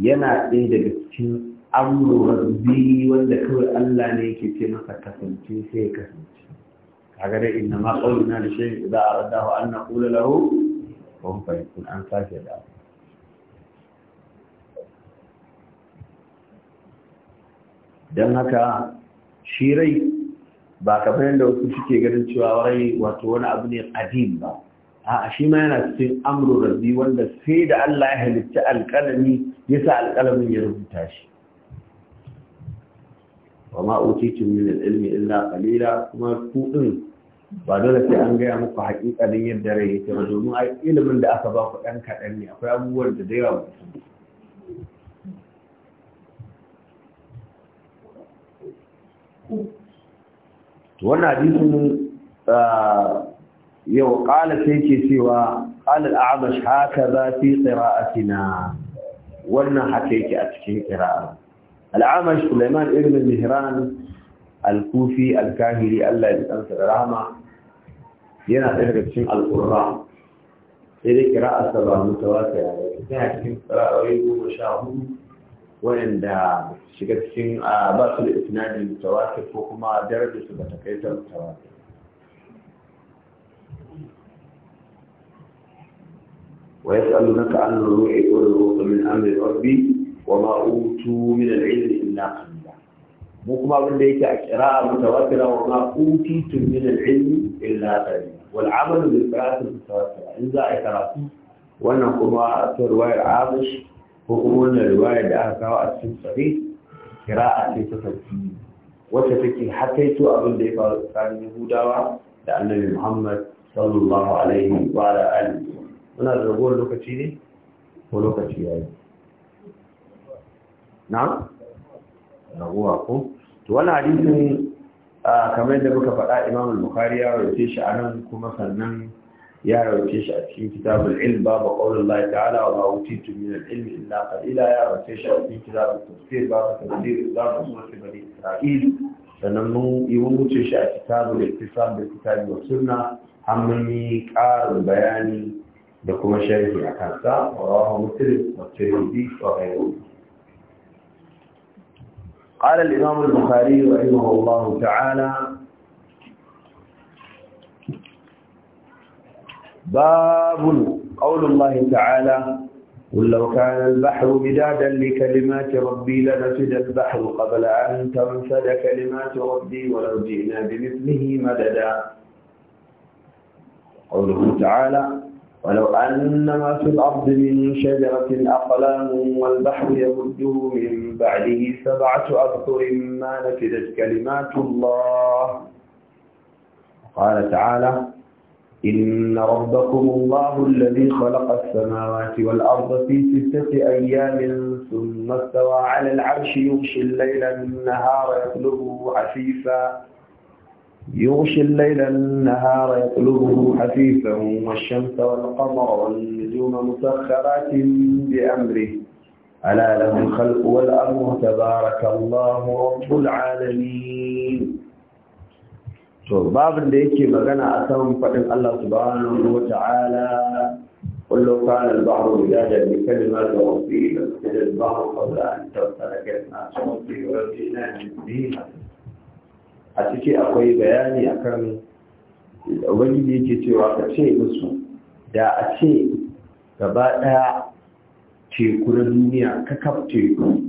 yana ɗaya daga cikin amurwa biyu wanda kawai Allah ne yake ce masa kasance sai kasance kaga dai inna ma ne za a rada wa an ƙula lahu kun fa an sake da Don haka shi rai ba kamar yadda wasu suke ganin cewa rai wato wani abu ne ƙadim ba a shi ma yana cikin amru rabbi wanda sai da Allah ya halitta alƙalami ya sa alƙalamin ya rubuta shi wa ma utitu min al illa qalila kuma ku din ba dole sai an gaya muku haƙiƙanin yadda rai yake ba domin ai ilimin da aka ba ku ɗan kaɗan ne akwai abubuwan da da yawa mutum to wannan hadisin ah, yau ƙala sai ke cewa ƙalar a'amash haka za fi ƙira'atina wannan haka yake a cikin ƙira'a al'amash suleiman ibn mihran al-kufi al-kahiri allah ya ɗansa da rahama yana ɗaya cikin al'urra sai dai ƙira'arsa ba mutawata ya yi ta cikin ƙira'arai goma sha hudu waɗanda shiga cikin ba su da isnadi mutawatir ko kuma darajar su ba ta kai ta ويسألونك عن الروح قل الروح من أمر ربي وما أوتوا من العلم إلا قليلا مكما من ليك قراءة متواترة وما أوتيتم من العلم إلا قليلا والعمل بالقراءة المتواترة إذا أتراتي وأنا قراءة رواية عابش وقمنا رواية دعاها قراءة صحيح قراءة تفسير wacce take hakaito abin da ya faru tsakanin Yahudawa da Annabi Muhammad sallallahu alaihi wa alihi muna da ragowar lokaci ne ko lokaci ya yi na? ragowa ko to wani a kamar da muka faɗa imamul bukari ya rauce shi a nan kuma sannan ya rauce shi a cikin kitabul ilm babu qaulul lahi ta'ala wa ma utitu min ilmi illa qalila ya rauce shi a cikin kitabul tafsir babu tafsir suna ce bari isra'il sannan mun yi wuce shi a kitabul ittisam da kitabul da sunna har mun yi ƙarin bayani da kuma sharhi a kansa wa rawahu muslim wa tirmidhi wa ghayruhu قال الإمام البخاري رحمه الله تعالى باب قول الله تعالى قل لو كان البحر مدادا لكلمات ربي لنفد البحر قبل أن تنفد كلمات ربي ولو جئنا بمثله مددا قوله تعالى ولو أن ما في الأرض من شجرة أقلام والبحر يمده من بعده سبعة أذكر ما نفذت كلمات الله قال تعالى إن ربكم الله الذي خلق السماوات والأرض في ستة أيام ثم استوى على العرش يغشي الليل النهار يطلبه عفيفا يغشي الليل النهار يطلبه حفيفا والشمس والقمر والنجوم مسخرات بأمره ألا له الخلق والأرض تبارك الله رب العالمين باب ديك مغنى أسام فإن الله سبحانه وتعالى قل لو كان البحر مجاجا بكلمة ربي لنفتد البحر قبل أن ترسل كثنا ربي ورجينا من مثلا a ciki akwai bayani a akan ubangiji yake cewa ka ce musu da a ce gaba ɗaya teku na duniya kakaf teku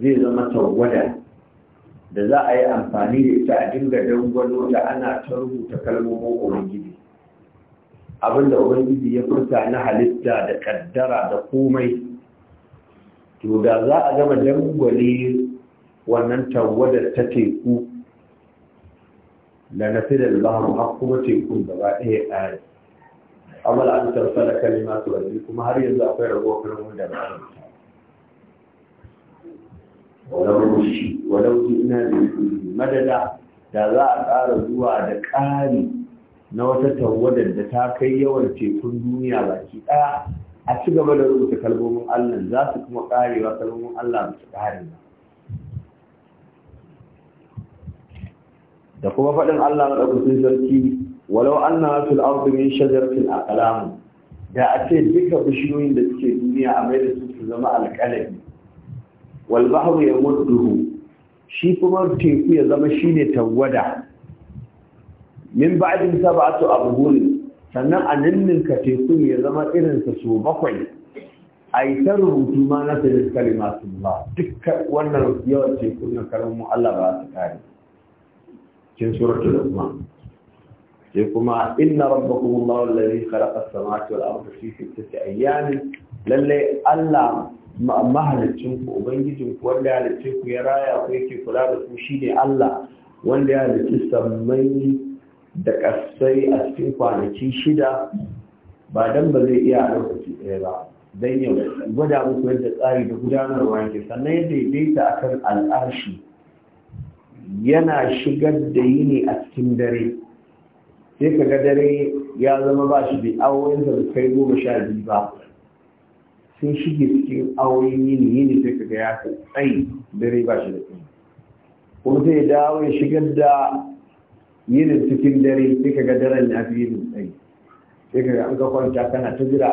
zai zama tawada da za a yi amfani da ita a dinga dangwano da ana ta rubuta kalmomin ubangiji abinda ubangiji ya furta na halitta da kaddara da komai to da za a gama dangwale wannan tawadar ta teku da na fi da albahar har kuma da gaba ɗaya ƙari amal an tarfa da kalima su wani kuma har yanzu akwai kan kalmomi da ba a rubuta walau shi ina da madada da za a ƙara zuwa da ƙari na wata tawadar da ta kai yawan tekun duniya baki ɗaya a ci gaba da rubuta kalmomin allah za su kuma ƙarewa kalmomin allah su ƙarewa. da kuma faɗin Allah madaukakin sarki walau anna fil ardi min shajaratin aqlam da a ce duka bishiyoyin da suke duniya a mai da su su zama alƙalami wal bahru yamudduhu shi kuma teku ya zama shine tawwada min ba'din sab'atu abhur sannan a ninninka tekun ya zama irinsa so bakwai a yi ta rubutu ma na kalima su ba duk wannan yawan tekun na karamin Allah ba su kare cikin suratul luqman sai kuma inna rabbakum allahu alladhi khalaqa as-samawati wal arda fi sittati ayyamin lalle Allah mahalicin ku ubangijin ku wanda ya halicce ku ya raya ku yake kula da ku shine Allah wanda ya halicci sammai da kasai a cikin kwanaki shida ba dan ba zai iya a lokaci ɗaya ba dan ya gwada muku yadda tsari da gudanarwa yake sannan ya daidaita akan al'arshi yana shigar da yini a cikin dare sai ka ga dare ya zama ba shi bai awoyin da kai goma sha biyu ba sun shige cikin awoyin yini yini sai ka ga ya kai tsayi dare ba shi da tsayi kuma sai dawo ya shigar da yinin cikin dare sai ka ga daren ya fi yinin tsayi sai ka ga an ka kwanta kana ta jira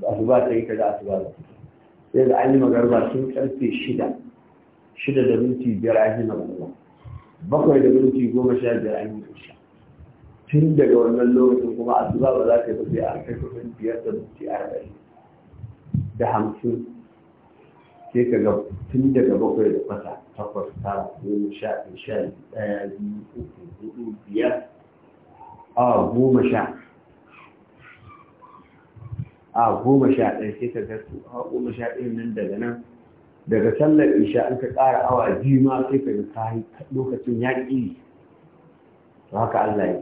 da ba ta yi ka ba asuba sai da an yi magarba sun karfe shida shida da minti biyar an yi magana bakwai da minti goma sha biyar an yi isha tun daga wannan lokacin kuma a zuba ba za ka yi sai a kai kusan biyar da minti arba'in da hamsin sai ka ga tun daga bakwai da kwata takwas tara goma sha biyu sha ɗaya biyu uku hudu biyar awa goma sha a goma sha ɗaya sai ka ga su awa goma sha ɗaya nan daga nan daga sallar isha an ka kara awa biyu ma sai ka ga kayi lokacin ya ƙi haka Allah ya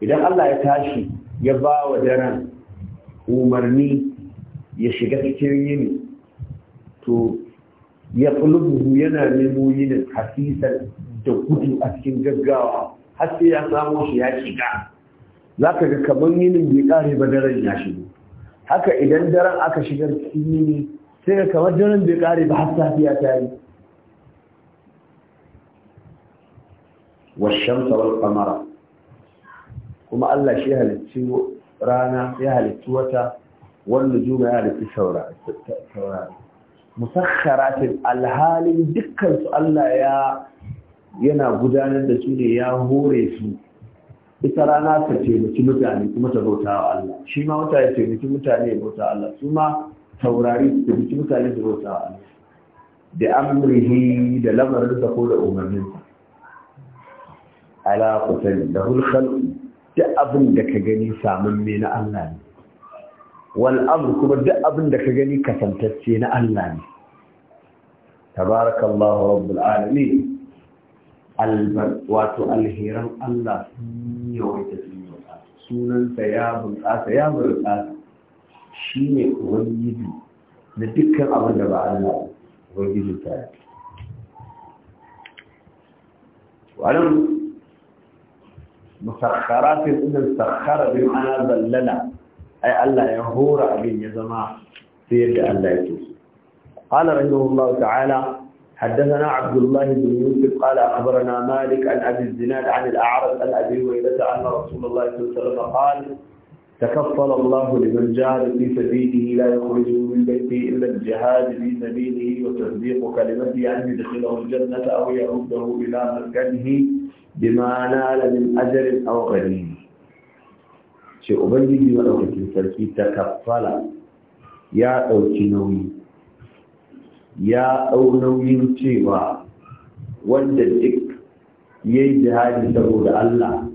idan Allah ya tashi ya ba wa daren umarni ya shiga cikin yini to ya kulubu yana nemo yini hasisan da gudu a cikin gaggawa har sai ya samu shi ya shiga za ka ga kamar yinin bai kare ba daren ya shigo haka idan daren aka shiga cikin yini sai ka kamar daren bai kare ba har safiya ta yi washamsa wal kamara. kuma Allah shi halicci rana ya halittu wata wanda juma ya halittu saurari musakharatin alhalin dukkan su Allah ya yana gudanar da su ne ya hore su ita rana ta taimaki mutane kuma ta bauta wa Allah shi ma wata ya taimaki mutane ya bauta Allah su ma taurari da bikin mutane da bauta a da amurihi da da ko da umarnin ala kusan da hulkhalku da abin da ka gani samun me na Allah ne wal abu kuma da abin da ka gani kasantacce na Allah ne tabarakallahu rabbul alamin albar wato alheran Allah sun yawaita sun sunan ya bunƙasa ya bunƙasa shi ne ubangiji na dukkan abin da ba Allah ubangiji ta yi wannan musakharatin idan sakhara bin ana zallala ai Allah ya hora abin ya zama sai yadda Allah ya so قال رحمه الله تعالى حدثنا عبد الله بن يوسف قال أخبرنا مالك عن أبي الزناد عن الأعرج عن أبي هريرة أن رسول الله صلى الله عليه وسلم قال تكفل الله لمن جاهد في سبيله لا يخرجه من بيته إلا الجهاد في سبيله وتصديق كلمته أن يدخله الجنة أو يرده إلى مركنه بما نال من أجر أو غنيمة شيء أبنجي ولوكة السلكي تكفل يا أوكي نوي يا أو نوي شيء wanda duk yayi jihadi saboda Allah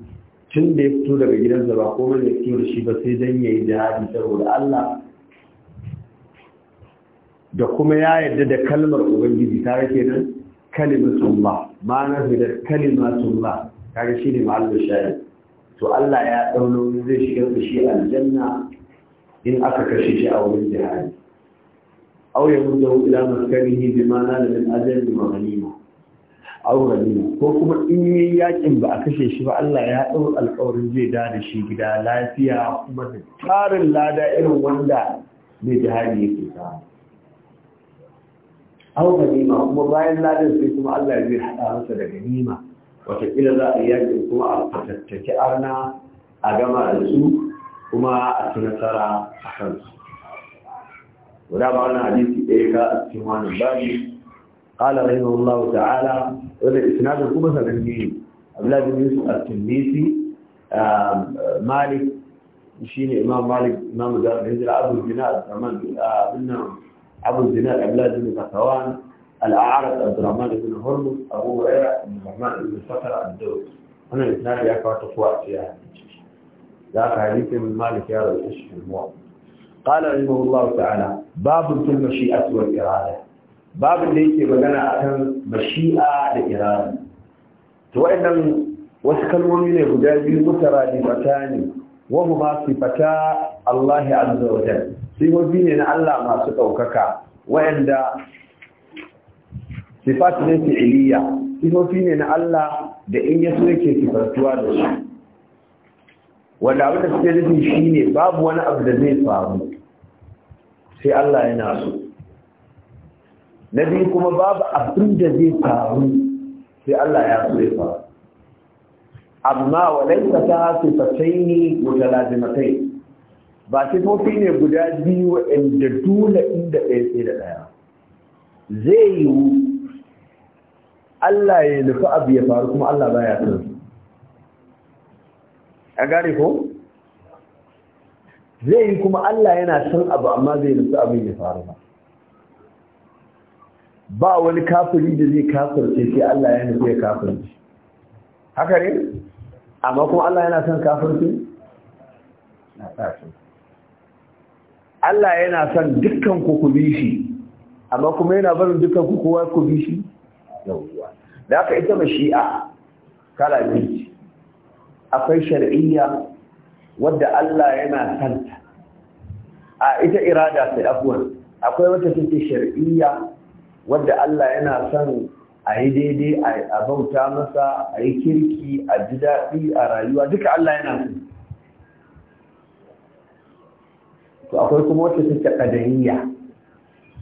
tun da ya fito daga gidansa ba komai da fito da shi ba sai dan yayi jihadi saboda Allah da kuma ya yarda da kalmar ubangiji ta rake nan kalimatullah ma na da kalimatullah shi ne ma'allu shayi to Allah ya dauno zai shiga da shi aljanna in aka kashe shi a wurin jihadi aw yamudu ila maskanihi bima nala min ajali wa aure ne ko kuma in yi yakin ba a kashe shi ba Allah ya ɗau alƙawarin zai da da shi gida lafiya kuma da tarin lada irin wanda mai jihadi yake samu aure ganima kuma bayan ladan sai kuma Allah zai haɗa masa da ganima wataƙila za a yakin kuma a fatattake arna a gama da su kuma a ci nasara a kansu. Wadda ba wannan hadisi ɗaya ka a cikin wannan babi قال رحمه الله تعالى والإسناد الخبث الأنجيلي عبد بن يوسف التنبيسي مالك شيني إمام مالك إمام دار الهجرة أبو الزناد كمان قلنا آه، أبو الزناد عبد بن غطوان الأعرج عبد الرحمن بن هرمز أبو هريرة عبد الرحمن بن صخر الدوس أنا الإسناد يا كوات أخوات يا ذاك حديث من مالك يا رب الموضوع قال رحمه الله تعالى باب في المشيئة والإرادة babin da yake magana a kan mashi'a da irani to waɗannan wasu kalmomi ne guda biyu fata ne wahu ma sifata Allah azza wa sai wabi ne na Allah masu ɗaukaka waɗanda sifat ne fi'iliya sifofi ne na Allah da in yaso yake sifartuwa da shi wanda abin da suke shi ne babu wani abu da zai faru sai Allah yana so na biyu kuma babu abin da zai faru sai Allah ya so fa faru amma walaita ta sifataini mutalazimatai ba sifofi ne guda biyu inda dole inda ɗaya sai da ɗaya zai yiwu Allah ya nufi abu ya faru kuma Allah baya son a gare ko zai yi kuma Allah yana son abu amma zai nufi abu ya faru ba ba wani kafiri da zai kafirce sai Allah ya nufi ya kafirce haka ne amma kuma Allah yana son kafirce na tashi Allah yana son dukkan ku ku bishi amma kuma yana barin dukkan ku kowa ku bishi yawwa da aka ita a kala biyu akwai shar'iyya wadda Allah yana santa a ita irada sai akwai wata take shar'iyya wadda Allah yana son a yi daidai a bauta masa a yi kirki a ji daɗi a rayuwa duka Allah yana son to akwai kuma wata take kadariya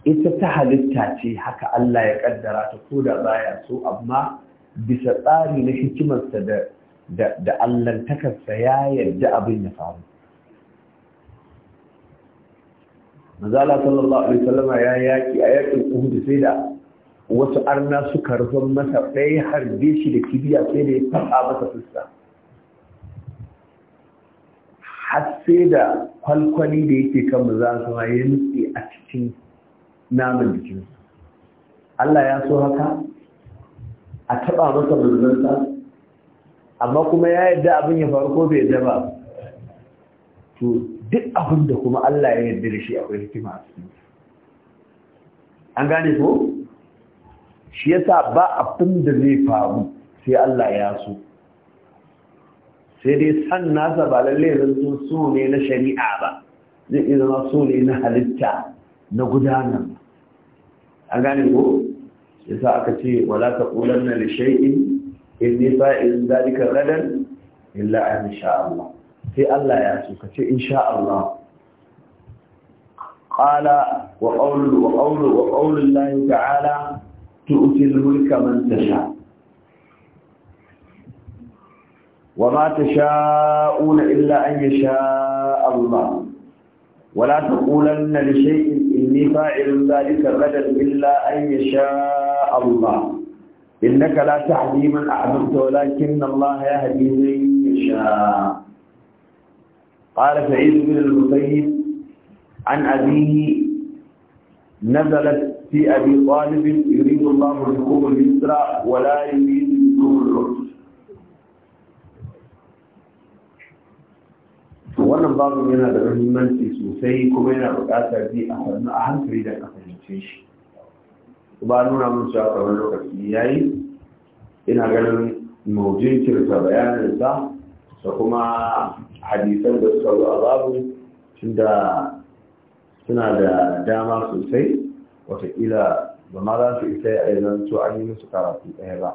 ita ta halitta ce haka Allah ya ƙaddara ta ko da baya so amma bisa tsari na hikimarsa da da, da takarsa ya yarda abin ya faru Mazala sallallahu alaihi wasallam ya yaki a yakin uhud sai da wasu arna suka rufe masa ɗaya harbe shi da kibiya sai da ya faɗa masa fuska har sai da kwalkwali da yake kan manzala sama ya nutse a cikin naman jikin. Allah ya so haka a taɓa masa manzansa amma kuma ya yadda abin ya faru ko bai yadda ba duk abin da kuma Allah ya yarda da shi akwai hikima a cikin an gane ko shi yasa ba abin da zai faru sai Allah ya so sai dai san nasa ba lalle zanto so ne na shari'a ba zai iya zama so ne na halitta na gudanar an gane ko yasa aka ce wala da li In nisa fa'il zalika ghadan illa an sha Allah sai Allah ya so ka ce insha Allah qala wa qawlu wa qawlu wa qawlu Allah ta'ala tu'ti al-mulka man tasha wa ma tasha'una illa an yasha Allah ولا تقولن لشيء إني فاعل ذلك غدا إلا أن يشاء الله إنك لا تهدي من أحببت ولكن الله يهدي من يشاء قال سعيد بن المسيب عن أبيه نزلت في أبي طالب يريد الله الحكومة اليسرى ولا يريد الحكومة الرشد وانا بعض من هذا الرحمن في سوسي كمين الرقاسة دي أحدنا أهم فريدة كفر الجيش وبعدنا من شاء الله كفر الجيش إن أغلب موجين كرسى بيان الإنسان da kuma hadisan da suka zo a babu tunda suna da dama sosai watakila ba ma za su isa a yanzu an yi musu karatu ɗaya ba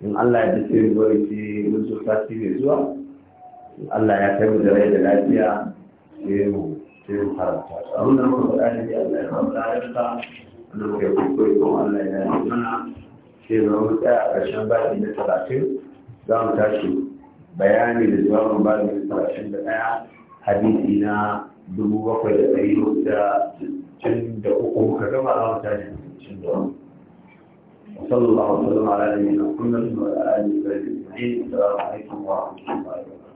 in Allah ya dace mu bari ce mun so sati mai zuwa in Allah ya kai mu da rai da lafiya sai mu sai mu karanta su abin da muka faɗa ne Allah ya samu lafiya wanda muka yi kokari kuma Allah ya yi mana sai mu tsaya a ƙarshen baki na talatin za mu tashi bayani da jawabin ba da talatin da ɗaya hadisi na dubu bakwai da ɗari da cin da uku muka gama a wata ne cin da wani وصلى الله وسلم على نبينا محمد وعلى اله وصحبه اجمعين السلام عليكم